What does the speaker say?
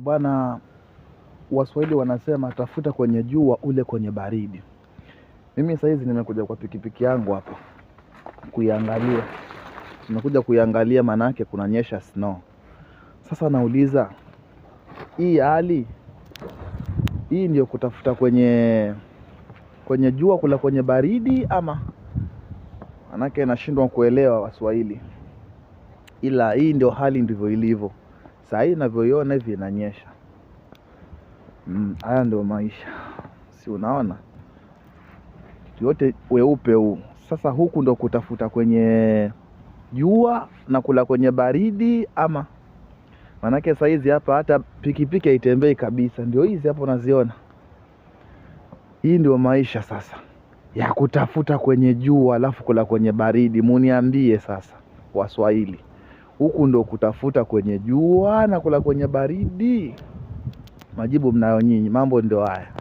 Eh, bwana, Waswahili wanasema tafuta kwenye jua ule kwenye baridi. Mimi sahizi nimekuja kwa pikipiki yangu hapa kuiangalia, nimekuja kuiangalia maanake nyesha snow. Sasa nauliza hii hali hii ndio kutafuta kwenye kwenye jua kula kwenye baridi ama? Maanake nashindwa kuelewa Waswahili, ila hii ndio hali ndivyo ilivyo saa hii navyoiona hivi inanyesha. Mm, haya ndio maisha, si unaona yote weupe huu. Sasa huku ndo kutafuta kwenye jua na kula kwenye baridi, ama manake saizi hapa hata pikipiki haitembei kabisa. Ndio hizi hapo unaziona, hii ndio maisha sasa ya kutafuta kwenye jua alafu kula kwenye baridi. Muniambie sasa Waswahili huku ndo kutafuta kwenye jua na kula kwenye baridi? Majibu mnayo nyinyi, mambo ndio haya.